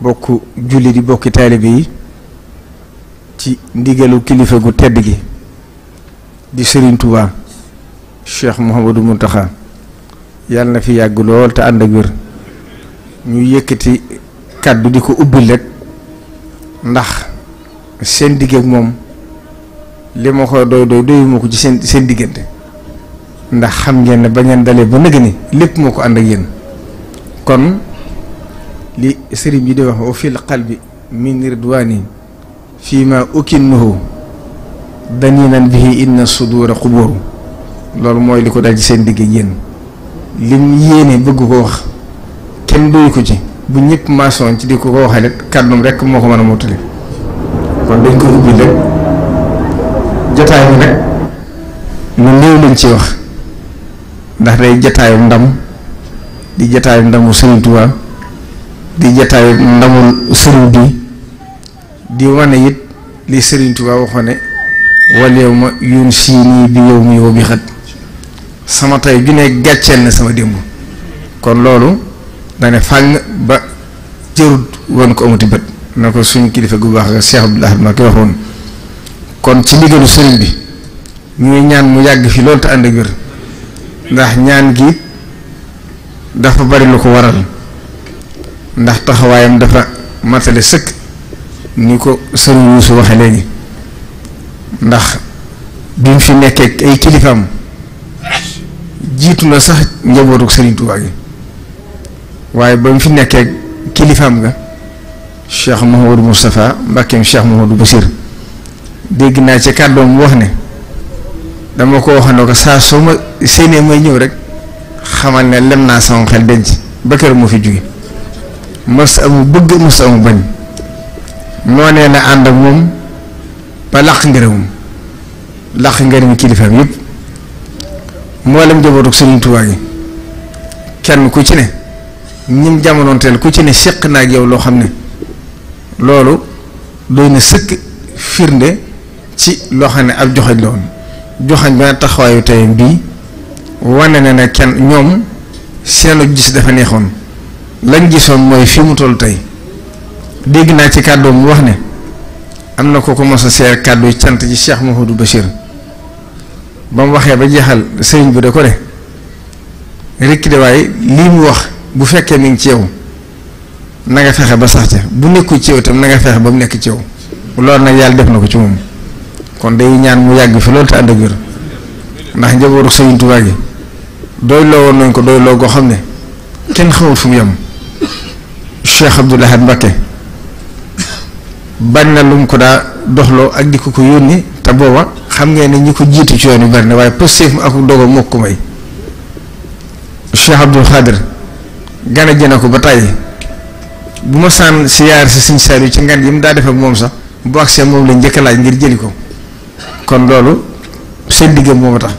bokk julli di bokki taalibe yi ci ndigalu kilifa gu tedd gi di Serigne Touba Cheikh Mouhamadou Mountakha yàlla na fi yàgg lool te ànd ak wér ñu yëkkati kàddu di ko ubbil rek ndax seen digg moom li ma ko doy doy doyuma ko ci seen seen diggante ndax xam ngeen ne ba ngeen dalee ba nëgg lépp moo ko ànd ak yéen kon li sëriñ bi di wax wa fil qalbi min ridwani fii ma ukinnahu daninan bihi inna sudura xubóoru loolu mooy li ko dal ci seen digg yéen lim yéene bëgg ko wax kenn doyu ko ci bu ñëpp maasoon ci di ko ko waxale kàddum rek moo ko mën a mottali kon dañ ko ubbi rek jotaay bi nag mu lañ ci wax ndax day jataayu ndam di jataayu ndamu Sëriñ di jataay ndamul sëriñ bi di wane it li sëriñ Tuubaa waxoon wal yow ma yoon sii bi yow mi yow bi xat sama tey ju ne gàcceel na sama démb kon loolu dane fàng ba jërut woon ko amati bët na ko suñ kilifa gu baax nga Cheikh Abdoul Ahad Mbacké waxoon kon ci diggalu sëriñ bi ñuy ñaan mu yàgg fi loolu te ànd ak ndax ñaan gi dafa bari lu ko waral ndax taxawaayam dafa matale sëkk ni ko sëriñ Yuusu waxe léegi ndax bi fi nekkee ay kilifaam jiitu na sax njabootu sëriñ Tuubaa gi waaye ba mu fi nekkee kilifaam nga Cheikh Mouhamadou Moustapha Mbakkeem Cheikh Mouhamadou Bachir dégg naa ci kàddoom mu wax ne dama ko wax ne ko saa soo ma séenee may ñëw rek xamal ne lem naa sama xel denc ba kër moo fi jóge mas amu bëgg mas amu bañ noonee la ànd ak moom ba làq ngërëmam làq ngërëmi kilifaam yëpp mboolem jabootu Sëriñ Tuubaa gi kenn ku ci ne ñim jamonoonteel ku ci ne séq naa ak yow loo xam ne loolu doon na sëkk firnde ci loo xam ne ab joxañ la joxañ ba taxawaayu tey bii ne na kenn ñoom seenu gis dafa neexoon lañ gisoon mooy fii mu toll tey dégg naa ci kàddoom mu wax ne am na ko ko mos a seer kàddu cant ji ci Cheikh Mouhamadou Bachir ba mu waxee ba jeexal sëriñ bi da ko de rekk de waaye lii mu wax bu fekkee mi ngi ci yow nanga nga fexe ba sax ca bu nekkul ci yow tam na nga fexe ba mu nekk ci yow lool nag yàlla def na ko ci moom kon day ñaan mu yàgg fi loolu te ànd ak wér ndax njabootu Sëriñ Tuubaa gi doy loo woon nañ ko doy loo goo xam ne kenn xamul fu mu yem. Cheikh Abdoul Ahad Mbacké bañ na lu ko daa doxloo ak di ko ko yónni te booba xam ngeen ne ñi ko jiitu ci yoon yu bari na waaye positif mu ak dogo moo ko Cheikh Abdoul Khadir gane jëne ko ba tàyyi bu ma saan siyaar si Sëñ Saaliw ci ngan yi mu daa def moom sax boo bu agsee moom la njëkk laaj ngir jëli ko kon loolu seen diggam moo ma tax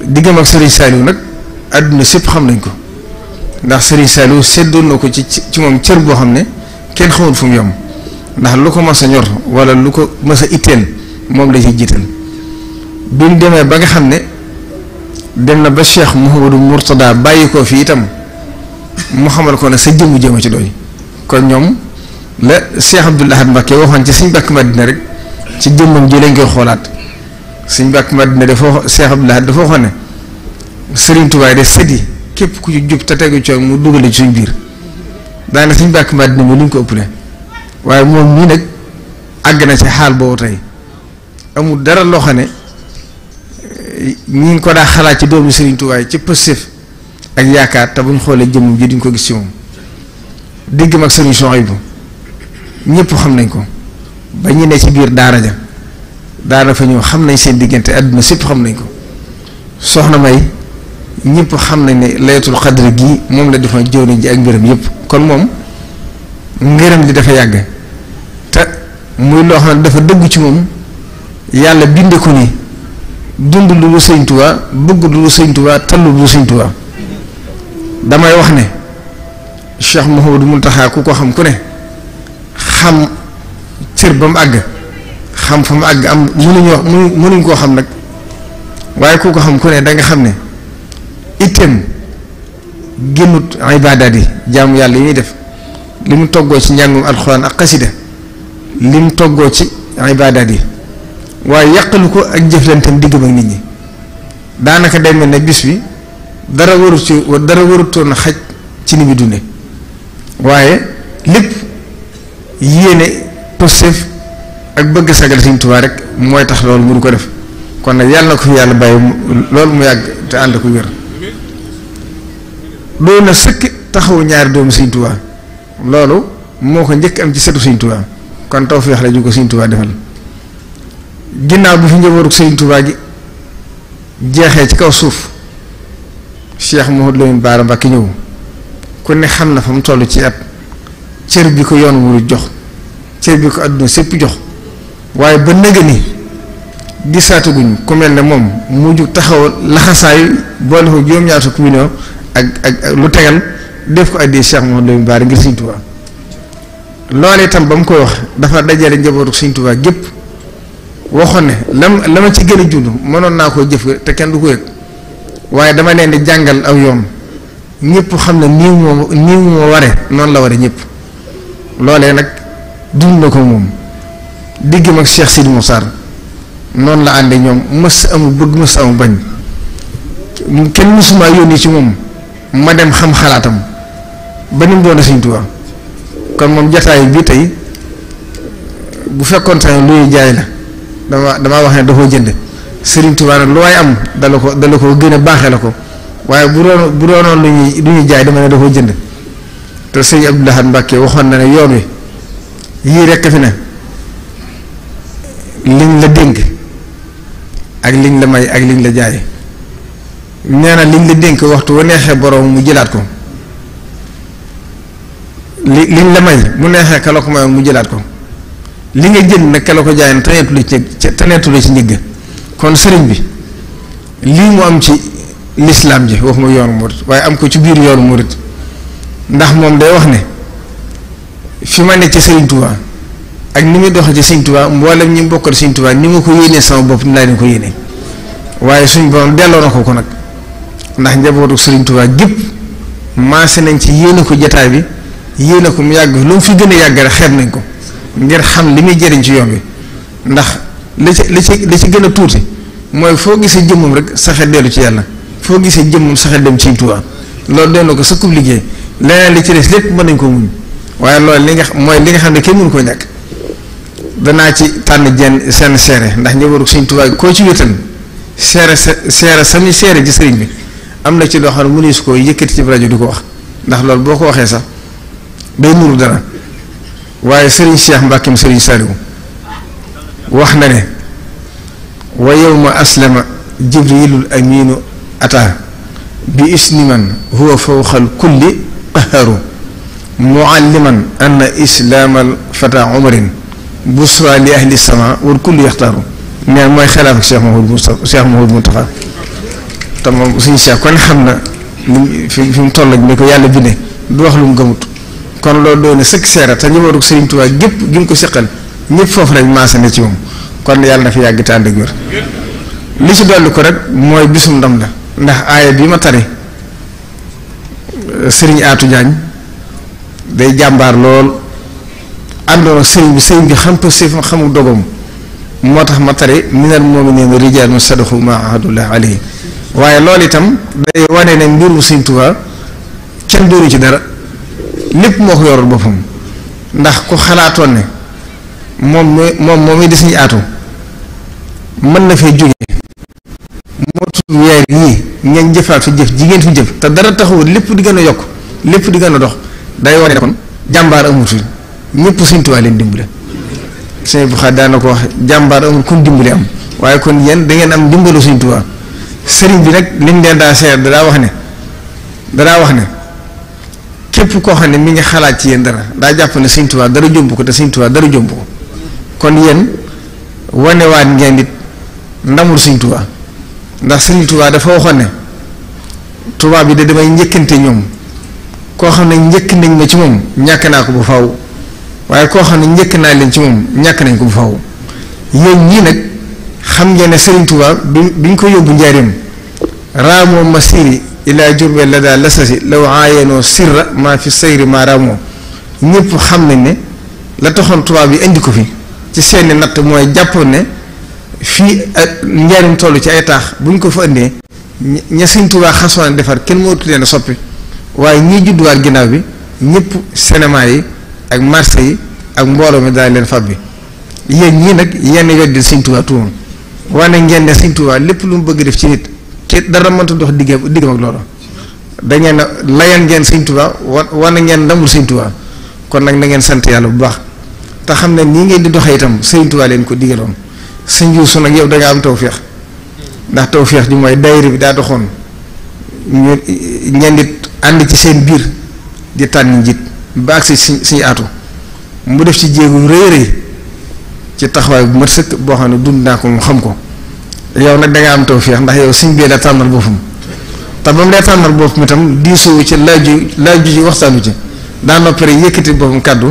diggam ak Sëriñ Saaliw nag àdduna sépp xam nañ ko ndax Serigne Saliou seddoon na ko ci ci moom cër boo xam ne kenn xamul fu mu yomb ndax lu ko mas a ñor wala lu ko mas a itteel moom la ci jiital bi mu demee ba nga xam ne dem na ba Cheikh Mouhamadou Mourtada bàyyi ko fii itam mu xamal ko ne sa jëmu jëma ci doy kon ñoom la Cheikh Abdoul Ahad Mbacké waxoon ci suñ bàkk Madina rek ci jëmmam ji lañ koy xoolaat suñ bàkk Madina dafa Cheikh Abdoul Ahad dafa waxoon ne Serigne Touba de sëddi képp ku ci jub te tegu coono mu dugale ci suñ biir daanaka suñ bàkk mbaat dina lu ñu ko ëppale waaye moom mii nag àgg na ci xaal boobu tey amul dara loo xam ne eh, ñi ngi ko daa xalaat ci doomu Serigne Touba ci pëstéef ak yaakaar te buñ xoolee jëmm ji duñ ko gis ci moom digg mag Serigne Souhaïbou ñëpp xam nañ ko ba ñu ne ci biir daara ja daara fa ñëw xam nañ seen diggante àdduna sépp xam nañ ko soxna May. ñëpp xam nañ ne laytul xadri gii moom la defoon jëwriñ ji ak ngërëm yëpp kon moom ngërëm li dafa yàgg te muy loo xam ne dafa dëgg ci moom yàlla binde ko ni dund lu lu sëñ Tuubaa bëgg lu lu sëñ Tuubaa tallu lu sëñ Tuubaa damay wax ne Cheikh Mouhamadou Mountakha ku ko xam ku ne xam cër ba mu àgg xam fa mu àgg am mënuñoo mënuñ koo xam nag waaye ku ko xam ku ne danga xam ne itteem génnut ibaadaat yi jaamu yàlla yi muy def li mu toggoo ci njàngum alxuwaan ak xasida li mu toggoo ci ibaadaat yi waaye yàqalu ko ak jëflanteem digg ak nit ñi daanaka day mel bis bi dara waru ci dara warutoon xaj ci ni mu dunde waaye lépp yéene postéef ak bëgg sagal Sëriñ Tuubaa rek mooy tax loolu mu du ko def kon nag yàlla na ko fi yàlla bàyyi loolu mu yàgg te ànd ko wér doon na sëkk taxawu ñaari doomu Sëriñ Tuubaa loolu moo ko njëkk am ci setu Sëriñ Tuubaa kon tawfeex la ñu ko Sëriñ Tuubaa defal ginnaaw bi fi njëbooru Sëriñ Tuubaa jeexee ci kaw suuf Cheikh Mouhamadou Lamine Bara Mbacké ñëw ku ne xam na fa mu toll ci at cër bi ko yoon wuru jox cër bi ko àdduna sépp jox waaye ba nëgë ni di saataguñ ku mel ne moom mu jug taxaw laxasaayu boole ko juróom-ñaar fukki million ak ak lu tegal def ko addi Cheikh Mouhamadou Mbari ngir Sëñ Tuubaa loolu itam ba mu koy wax dafa dajale njabootu Sëñ Tuubaa gépp waxoon ne lam la ma ci gën a jund mënoon naa koo jëf te kenn du ko yëg waaye dama leen di jàngal aw yoon ñëpp xam ne nii moo nii moo ware noonu la ware ñëpp loolee nag dund na ko moom digg mag Cheikh Sidi Moussa noon la ànd ñoom mës amul bëgg mës amul bañ kenn mësumaa yónni ci moom ma dem xam xalaatam ba ni mu doon Sëriñ Tuubaa kon moom jataay bi tey bu fekkoon sax lu ñuy jaay la dama damaa wax ne da jënd Sëriñ Tuubaa nag lu waay am dala ko dala ko gën a baaxee la ko waaye bu doon bu doonoon lu ñuy jaay dama ne jënd te sëñ Abdou Lahad waxoon na ne yoon wi yii rekk fi ne liñ la dénk ak liñ la may ak liñ la jaay nee na liñ la dénk waxtu wu neexee borom mu jëlaat ko li liñ la may mu neexee kala ko mayoon mu jëlaat ko li nga jënd nag kala ko jaayeen taneetulu ci taneetulu ci njëgg kon sëriñ bi lii mu am ci lislaam ji waxuma yoonu murit waaye am ko ci biir yoonu murit ndax moom day wax ne fi ma ne ci sëriñ Tuubaa ak ni muy doxee ci sëriñ Tuubaa mboolem ñi bokkal sëriñ Tuubaa ni ma ko yéenee sama bopp ni laa leen ko yéenee waaye suñ borom delloo na ko ko nag ndax njabootu Serigne Touba gépp maase nañ ci yéene ko jataay bi yéene ko mu yàgg lu mu fi gën a yàgg rek xeeb nañ ko ngir xam li muy jëriñ ci yoon bi ndax li ci li ci gën a tuuti mooy foo gisee jëmmam rek saxee dellu ci yàlla foo gisee jëmmam saxee dem ci Touba loolu doon na ko sëkkub liggéey leneen li ci des lépp mën nañ ko muñ waaye loolu li nga mooy li nga xam ne kenn mënu koo ñàkk danaa ci tànn jenn seen seere ndax njabootu Serigne Touba koo ci wétan seere sa seere sami ci sëriñ bi am na ci loo xam ne mënees koo yëkkati ci rajo du ko wax ndax loolu boo ko waxee sax day nuru dara waaye sëriñ Cheikh Mbàkkim sëriñ Saliou wax na ne wa yawma aslama jibrilul aminu ata bi isni man huwa fawqal kulli qaharu mualliman anna islaamal fata umarin busra li ahli sama wal kulli yaxtaaru nee mooy xalaaf ak Cheikh Mahmoud Moustapha Cheikh Mahmoud te moom suñu seex kon xam na fi fi mu toll ak ni ko yàlla bindee du wax lu mu gëmut kon loolu doon na sëkk seera te njabootu Sëriñ Tuubaa gépp gi mu ko seqal ñëpp foofu lañ maase na ci moom kon yàlla na fi yàgg te ànd li ci dolli ko rek mooy bisum ndam la ndax aaya bi ma tari sëriñ Aatu Jaañ day jàmbaar lool àndoon ak sëriñ bi sëriñ bi xam ko si xamul dogam moo tax ma tari minal mu'miniina rijaalun ma maa ahadullah alayhi waaye loolu itam day wane ne mbiru Sëñ Tuubaa kenn dóoru ci dara lépp moo ko yorul boppam ndax ku xalaatoon ne moom mooy moom moom di suñu aatu mën na fee jóge motul weer yii ngeen jëfaat fi jëf jigéen fi jëf te dara taxawul lépp di gën a yokk lépp di gën a dox day wane ne kon jàmbaar amul fi ñëpp Sëñ Tuubaa leen dimbale sëñ bu xaar daan na ko wax jàmbaar amul kun dimbale am waaye kon yéen da ngeen am dimbalu Sëñ Tuubaa sëriñ bi nag liñ leen daa seer danaa wax ne danaa wax ne képp koo xam ne mi ngi xalaat ci yéen dara daa jàpp ne Sëriñ dara jomb ko te Sëriñ dara jomb ko kon yéen wanewaat ngeen it ndamul Sëriñ Tuubaa ndax Sëriñ dafa waxoon ne tubaab bi de damay njëkkante ñoom koo xam ne njëkk nañ ma ci moom ñàkk naa ko bu faw waaye koo xam ne njëkk naa leen ci moom ñàkk nañ ko bu faw yéen ñii nag xam ngeen ne Serigne Touba bi bi ñu ko yóbbu njaarim raamoo masiri ilaa Jurbel la daal lasasi law aayeenoo sirra maa fi sayri maa raamoo ñëpp xam nañ ne la toxoon tubaab yi indi ko fi ci seeni natt mooy jàppoon ne fii ak njaarim toll ci ay taax bu ñu ko fa indee ña Serigne Touba xasoon defar kenn moo tuddee na soppi waaye ñii judduwaat ginnaaw bi ñëpp cinéma yi ak marché yi ak mbooloo mi daal leen fab bi yéen ñii nag yenn weddil Serigne Touba tuumam wane ngeen ne Sëñ Tuubaa lépp lu mu bëgg def ci nit ki dara mënta dox digg diggam ak loolu dangeen layan ngeen Sëñ Tuubaa wa wane ngeen ndamul Sëñ Tuubaa kon nag na ngeen sant yàlla bu baax te xam ne nii ngeen di doxe itam Sëñ Tuubaa leen ko digaloon sëñ Yuusu nag yow da nga am tawféex ndax tawféex ji mooy daayira bi daa doxoon ñu ngeen di ànd ci seen biir di tànn njiit ba agsi si suñu aatu mu def ci jéegu rëy rëy ci taxawaay bu mat sëkk boo xam ne dund naa ko mu xam ko yow nag da nga am tawfeex ndax yow siñ bee la tànnal boppam te ba mu dee tànnal boppam itam diisoo ci laaju laaju ci waxtaanu ci daa noppi rek yëkkati boppam kàddu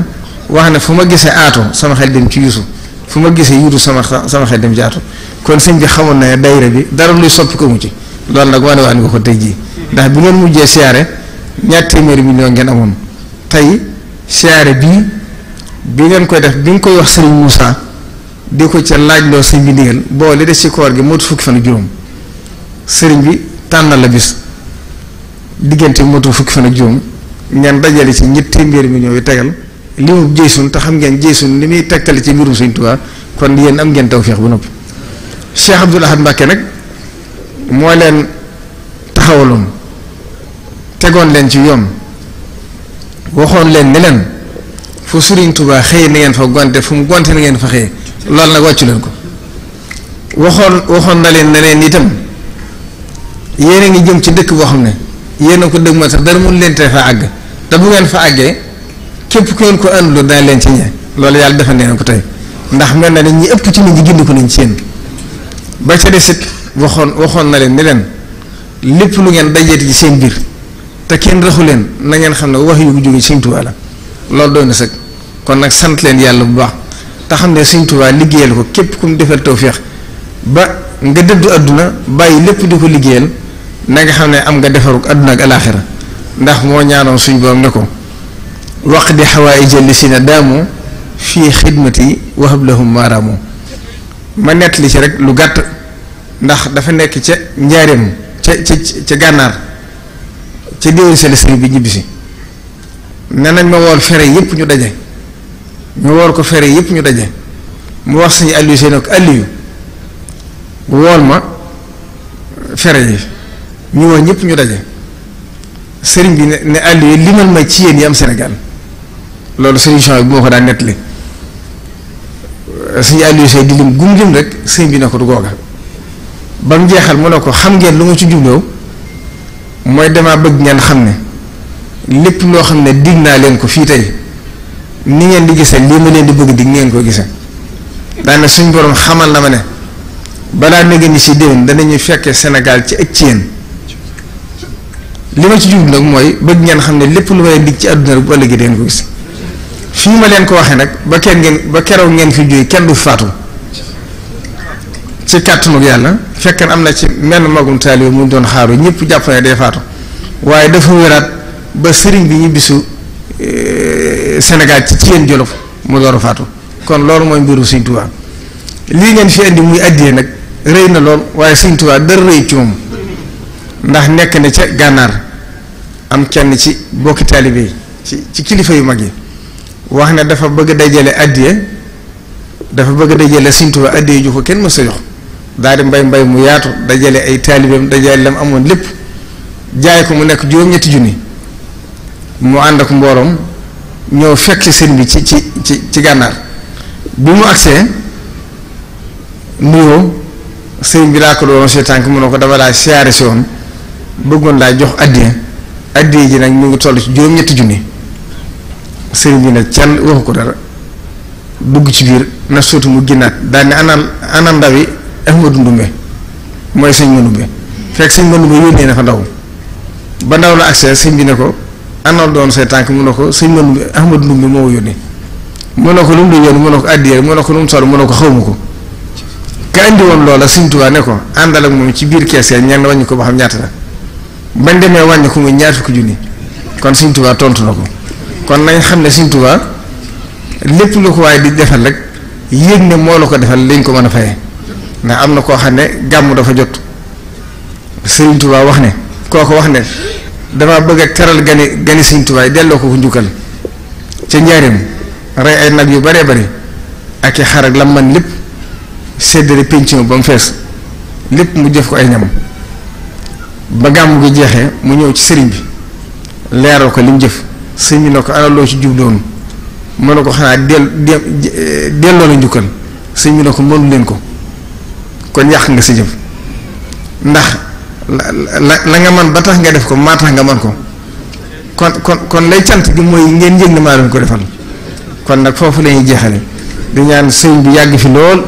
wax ne fu ma gisee aato sama xel dem ci yuusu fu ma gisee yuutu sama xa sama xel dem ci aato kon sëñ bi xamoon na ne bi dara luy soppi ko mu ci loolu nag wane wane nga ko tey jii ndax bi ngeen mujjee siyaare ñaar téeméeri million ngeen amoon tey siyaare bii bi ngeen koy def bi nga koy wax Serigne Moussa. di ko ca laajloo sëñ bi ndigal boo li des ci koor gi mootu fukki fan ak juróom sëriñ bi tànnal la bis diggante mootu fukki fan juróom ngeen dajale ci ñetti téeméeri millions yu tegal li mu jëysun te xam ngeen jëysun li muy tegtale ci mbirum Sëriñ Tuubaa kon yéen am ngeen tawfeex bu noppi Cheikh Abdoul Ahad Mbacké nag moo leen taxawaloon tegoon leen ci yoon waxoon leen ne leen fu Sëriñ Tuubaa xëy na ngeen fa gonte fu mu gonte ni ngeen fa xëy loolu nag wàccu leen ko waxoon waxoon na leen ne leen itam ngi jëm ci dëkk boo xam ne yéen a ko dëgg ma sax dara mun leen te fa àgg te bu ngeen fa àggee képp ku ngeen ko àndul daa leen ci ñe loolu yàlla defal na ko tey ndax mel na ne ñi ëpp ci nit ñi gindi ko nañ seen ba ca des it waxoon waxoon na leen ne leen lépp lu ngeen dajeet ci seen biir te kenn raxu leen na ngeen xam ne wax yu jóge Sëñ Tuubaa la loolu doon na sëg kon nag sant leen yàlla bu baax te xam ne Sëriñ Tuubaa liggéeyal ko képp ku mu defal tawféex ba nga dëddu àdduna bàyyi lépp di ko liggéeyal na nga xam ne am nga defarug àdduna ak alaaxira ndax moo ñaanoon suñ boom ne ko wax di xawaay jëlli si na daamu fii xidmati wahab lahum maaraamu ma nettali si rek lu gàtt ndax dafa nekk ca njaareem ca ca ca gànnaar ca déwén seli sëriñ bi ñibbisi ne nañ ma wool fere yépp ñu daje ñu woor ko fere yëpp ñu daje mu wax suñu alliyu seen ak alliyu wool ma fere yi ñu woon ñëpp ñu daje sëriñ bi ne ne alliyu limal ma ci yéen yi am Sénégal loolu sëriñ Jean bi moo ko daan nettali suñu alliyu seen di lim gum lim rek sëriñ bi ne ko du googa ba jeexal mu ne ko xam ngeen lu ma ci jubloo mooy damaa bëgg ngeen xam ne lépp loo xam ne dig naa leen ko fii tey ni ngeen di gisee lii ma leen di bëgg di ngeen ko gisee daane suñ boroom xamal na ma ne balaa nga ni si dana danañu fekkee Sénégal ci ak ci yéen li ma ci jublu nag mooy bëgg ngeen xam ne lépp lu may dig ci àdduna rek bu ëllëgee dangeen ko gis fii ma leen ko waxee nag ba kenn ngeen keroog ngeen fi jógee kenn du faatu ci kàttanu yàlla fekk am na ci menn magum taalibe mu doon xaaru ñëpp jàpp ne day faatu waaye dafa wéraat ba sëriñ bi ñu bisu. Eh, Sénégal ci ci yéen Jolof mu door faatu kon loolu mooy mbiru Sëñ Tuubaa lii ngeen fi indi muy addiyee nag rëy na lool waaye Sëñ Tuubaa dara rëy ci ndax nekk na ca gànnaar am ci bokki taalibe yi ci ci kilifa yu mag yi wax ne dafa bëgg dajale addiye dafa bëgg dajale Sëñ Tuubaa addiye ju ko kenn mësa jox daal di mbay mbay mu yaatu dajale ay taalibeem dajale lam amoon lépp jaay ko mu nekk juróom-ñetti junni mu ànd ak mbooloom ñëw fekk sëñ bi ci ci ci ci gànnaar bi mu agsee nuyoo sëñ bi daa ko doon see tànk mu ko dafa daa siyaare si woon bëggoon daa jox addiya addiya ji nag mu ngi toll ci juróom-ñetti junni sëñ bi ne kenn waxu ko dara dugg ci biir na sootu mu ginnaat daal ne ana ana ndawi Ahmadu Ndumbe mooy sëñ Mandumbe fekk sëñ Mandumbe yónnee na fa ndaw ba ndaw la agsee sëñ bi ne ko anal doon say tànk mu ne ko sëñ man Ahmadu Ndumbe moo yónni mu ne ko lu mu doon yónni mu ne ko àddiya mu a ko lu mu sol mu ne ko xawma ko ka indi woon loola sëñ Tuubaa ne ko àndal ak moom ci biir kees ya wàññi ko ba xam ñaata la bañ demee wàññi ko muy kon sëñ tontu na kon nañ xam ne sëñ Tuubaa lépp ko waaye di defal rek yéeg ne la ko defal lañ ko mën a fayee ndax am na koo xam ne gàmm dafa jot sëñ wax ne kooku wax ne dafa bëgg a teral gani gani Sëñ Tuubaa delloo ko fu njukkal ca njaareem rey ay nag yu baree bari ak i xar ak la man lépp séddale pension ba mu fees lépp mu jëf ko ay ñam ba gàmm gi jeexee mu ñëw ci sëriñ bi leeroo ko li mu jëf sëñ na ko ana ci jubloon mu ne ko xanaa del delloo la njukkal sëñ bi ko mënu leen ko kon yàq nga si jëf ndax la la nga man ba tax nga def ko maa tax nga man ko kon kon kon lay cant gi mooy ngeen yëg ne maa leen ko defal kon nag foofu la ñuy jeexale di ñaan sëñ bi yàgg fi lool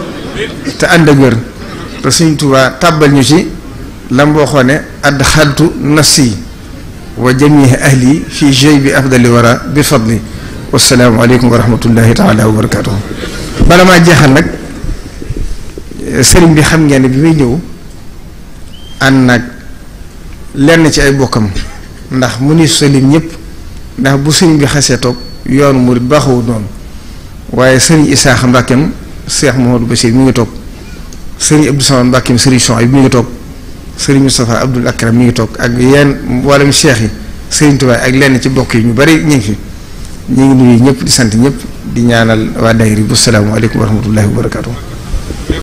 te ànd ak wér te sëñ Tuubaa tàbbal ñu ci lam waxoon ne add xaltu nafsi wa jamii ahli fi jey bi afdali wara bi fadli wassalaamu aleykum wa rahmatullahi taala wa barakaatuhu bala maa jeexal nag sëriñ bi xam ngeen bi muy ñëw ànd nag lenn ci ay bokkam ndax mu ni sëlim ñëpp ndax bu sëñ bi xasee toog yoonu murit baaxoo noonu waaye sëriñ Isaaxa Mbàkkeem Seex Muhamadu Basiir mi ngi toog sëriñ Abdou Samad Mbàkkeem sëriñ Chouaib mi ngi toog sëriñ Moustapha Abdoul Akram mi ngi toog ak yenn mboolem cheikh yi sëriñ Tuubaa ak lenn ci bokk yi ñu bari ñu ngi fi ñu ngi nuyu ñëpp di sant ñëpp di ñaanal waa daayira bu salaamu aleykum wa rahmatullahi wa barakaatu.